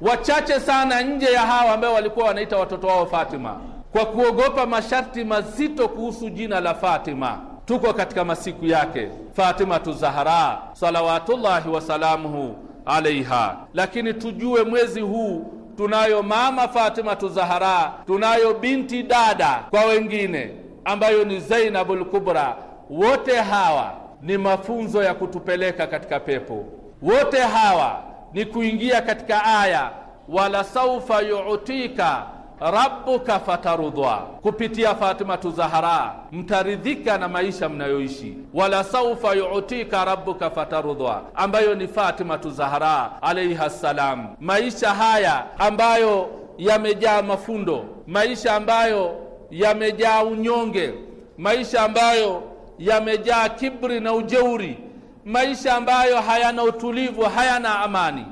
wachache sana, nje ya hawa ambao walikuwa wanaita watoto wao Fatima kwa kuogopa masharti mazito kuhusu jina la Fatima. Tuko katika masiku yake Fatimatu Zahara salawatullahi wasalamuhu alaiha, lakini tujue mwezi huu tunayo mama Fatimatu Zahara, tunayo binti dada kwa wengine ambayo ni Zainabul Kubra. Wote hawa ni mafunzo ya kutupeleka katika pepo, wote hawa ni kuingia katika aya wala saufa yuutika rabbuka fatarudhwa, kupitia Fatimatu Zahara mtaridhika na maisha mnayoishi. Wala saufa yutika rabuka fatarudhwa, ambayo ni Fatimatu Zahara alaihi ssalam. Maisha haya ambayo yamejaa mafundo, maisha ambayo yamejaa unyonge, maisha ambayo yamejaa kibri na ujeuri, maisha ambayo hayana utulivu, hayana amani,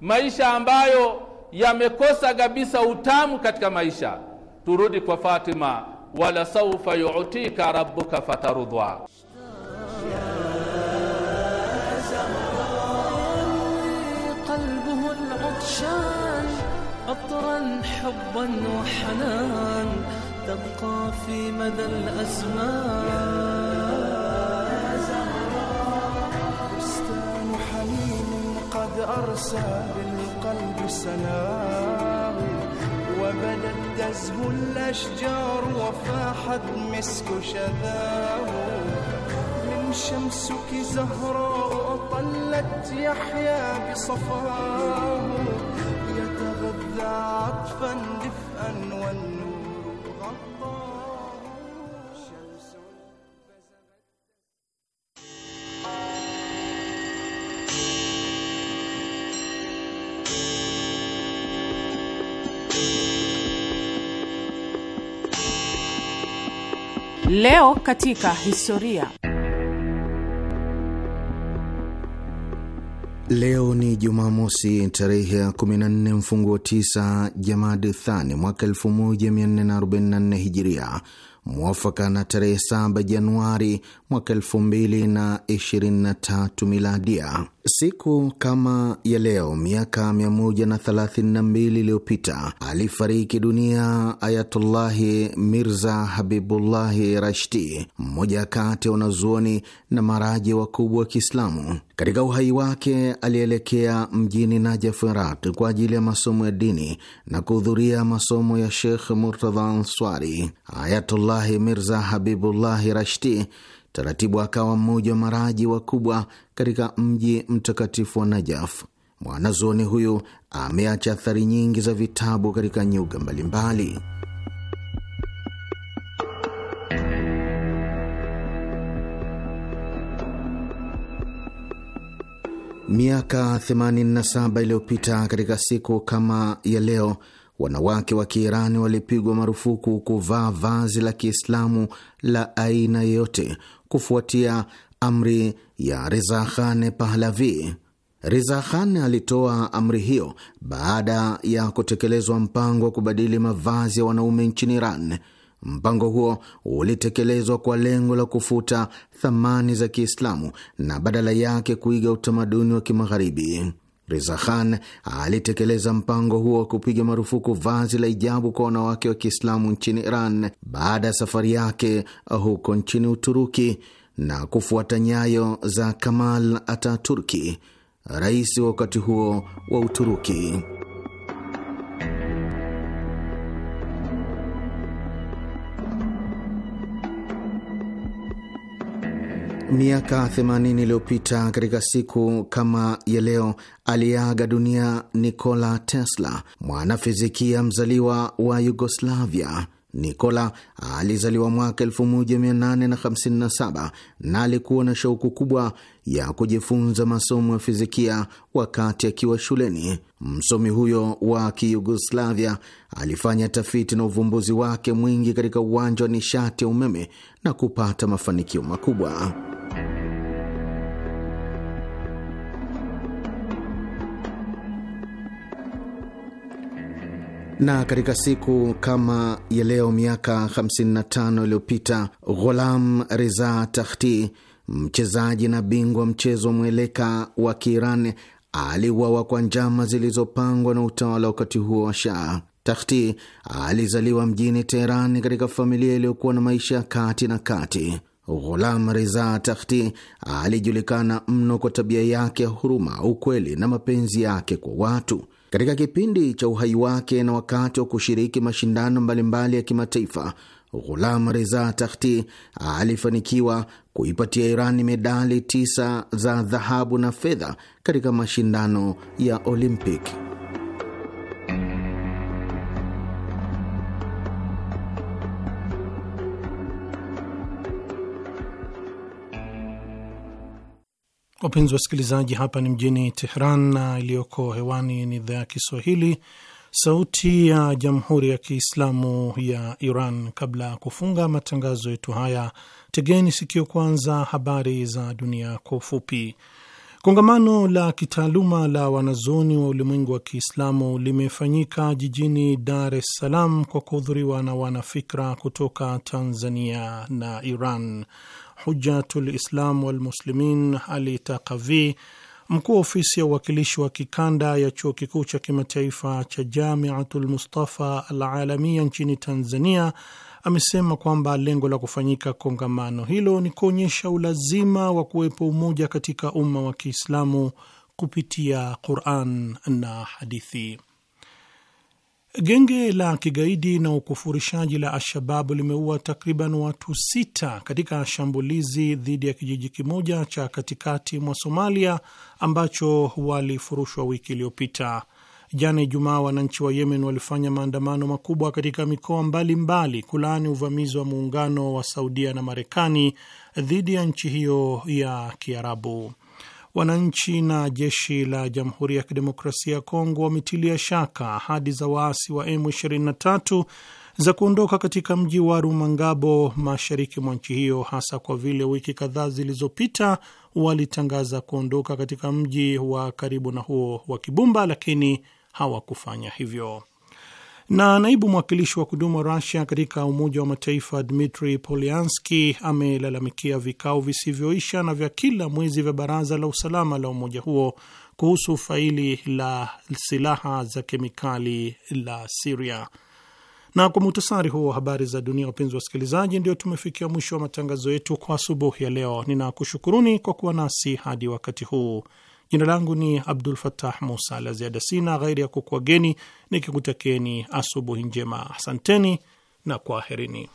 maisha ambayo yamekosa kabisa utamu katika maisha turudi kwa Fatima wala saufa yu'tika rabbuka fatarudwa أرسل القلب السناوي وبدت تزهو الأشجار وفاحت مسك شذاه من شمسك زهراء طلت يحيا بصفاه يتغذى عطفا دفئا والنار Leo katika historia. Leo ni Jumamosi, tarehe ya 14 mfungu wa 9 Jamadi Thani mwaka 1444 Hijiria, mwafaka na tarehe 7 Januari mwaka miladia. Siku kama ya leo miaka 132 iliyopita alifariki dunia Ayatullahi Mirza Habibullahi Rashti, mmoja kati ya wanazuoni na maraji wakubwa wa Kiislamu. Katika uhai wake alielekea mjini Najaf, Iraq, kwa ajili ya masomo ya dini na kuhudhuria masomo ya Shekh Murtadha Answari. Ayatullahi Mirza Habibullahi Rashti taratibu akawa mmoja wa maraji wakubwa katika mji mtakatifu wa Najaf. Mwanazuoni huyu ameacha athari nyingi za vitabu katika nyuga mbalimbali. Miaka 87 iliyopita katika siku kama ya leo, wanawake wa Kiirani walipigwa marufuku kuvaa vazi la Kiislamu la aina yoyote kufuatia amri ya Reza Khan Pahlavi. Reza Khan alitoa amri hiyo baada ya kutekelezwa mpango wa kubadili mavazi ya wanaume nchini Iran. Mpango huo ulitekelezwa kwa lengo la kufuta thamani za Kiislamu na badala yake kuiga utamaduni wa Kimagharibi. Reza Khan alitekeleza mpango huo wa kupiga marufuku vazi la hijabu kwa wanawake wa Kiislamu nchini Iran baada ya safari yake huko nchini Uturuki na kufuata nyayo za Kamal Ataturki, rais wa wakati huo wa Uturuki. Miaka 80 iliyopita katika siku kama ya leo aliaga dunia Nikola Tesla, mwanafizikia mzaliwa wa Yugoslavia. Nikola alizaliwa mwaka 1857 na alikuwa na shauku kubwa ya kujifunza masomo ya fizikia wakati akiwa shuleni. Msomi huyo wa Kiyugoslavia alifanya tafiti na uvumbuzi wake mwingi katika uwanja wa nishati ya umeme na kupata mafanikio makubwa. na katika siku kama ya leo miaka 55 iliyopita Ghulam Reza Takhti, mchezaji na bingwa mchezo mweleka wa kiiran aliuawa kwa njama zilizopangwa na utawala wakati huo wa Shah. Takhti alizaliwa mjini Teherani katika familia iliyokuwa na maisha ya kati na kati. Ghulam Riza Takhti alijulikana mno kwa tabia yake ya huruma, ukweli na mapenzi yake kwa watu. Katika kipindi cha uhai wake na wakati wa kushiriki mashindano mbalimbali ya kimataifa Ghulam Reza Takhti alifanikiwa kuipatia Irani medali tisa za dhahabu na fedha katika mashindano ya Olimpiki. Wapenzi wasikilizaji, hapa ni mjini Tehran na iliyoko hewani ni idhaa ya Kiswahili Sauti ya Jamhuri ya Kiislamu ya Iran. Kabla ya kufunga matangazo yetu haya, tegeni sikio kwanza habari za dunia kwa ufupi. Kongamano la kitaaluma la wanazuoni wa ulimwengu wa Kiislamu limefanyika jijini Dar es Salaam kwa kuhudhuriwa na wanafikra kutoka Tanzania na Iran. hujatulislam Islam walmuslimin Ali Takavi Mkuu wa ofisi ya uwakilishi wa kikanda ya chuo kikuu cha kimataifa cha Jamiatu Lmustafa Alalamia nchini Tanzania amesema kwamba lengo la kufanyika kongamano hilo ni kuonyesha ulazima wa kuwepo umoja katika umma wa Kiislamu kupitia Quran na hadithi. Genge la kigaidi na ukufurishaji la Alshababu limeua takriban watu sita katika shambulizi dhidi ya kijiji kimoja cha katikati mwa Somalia ambacho walifurushwa wiki iliyopita. Jana Ijumaa, wananchi wa Yemen walifanya maandamano makubwa katika mikoa mbalimbali kulaani uvamizi wa muungano wa Saudia na Marekani dhidi ya nchi hiyo ya Kiarabu. Wananchi na jeshi la Jamhuri ya Kidemokrasia ya Kongo wametilia shaka ahadi za waasi wa M23 za kuondoka katika mji wa Rumangabo mashariki mwa nchi hiyo, hasa kwa vile wiki kadhaa zilizopita walitangaza kuondoka katika mji wa karibu na huo wa Kibumba, lakini hawakufanya hivyo. Na naibu mwakilishi wa kudumu wa Rusia katika Umoja wa Mataifa Dmitri Polyanski amelalamikia vikao visivyoisha na vya kila mwezi vya Baraza la Usalama la umoja huo kuhusu faili la silaha za kemikali la Siria. Na kwa muhtasari huo habari za dunia, wapenzi wa wasikilizaji, ndio tumefikia mwisho wa matangazo yetu kwa asubuhi ya leo. Ninakushukuruni kwa kuwa nasi hadi wakati huu. Jina langu ni Abdul Fatah Musa. La ziada sina ghairi ya kukwageni nikikutakeni asubuhi njema. Asanteni na kwaherini.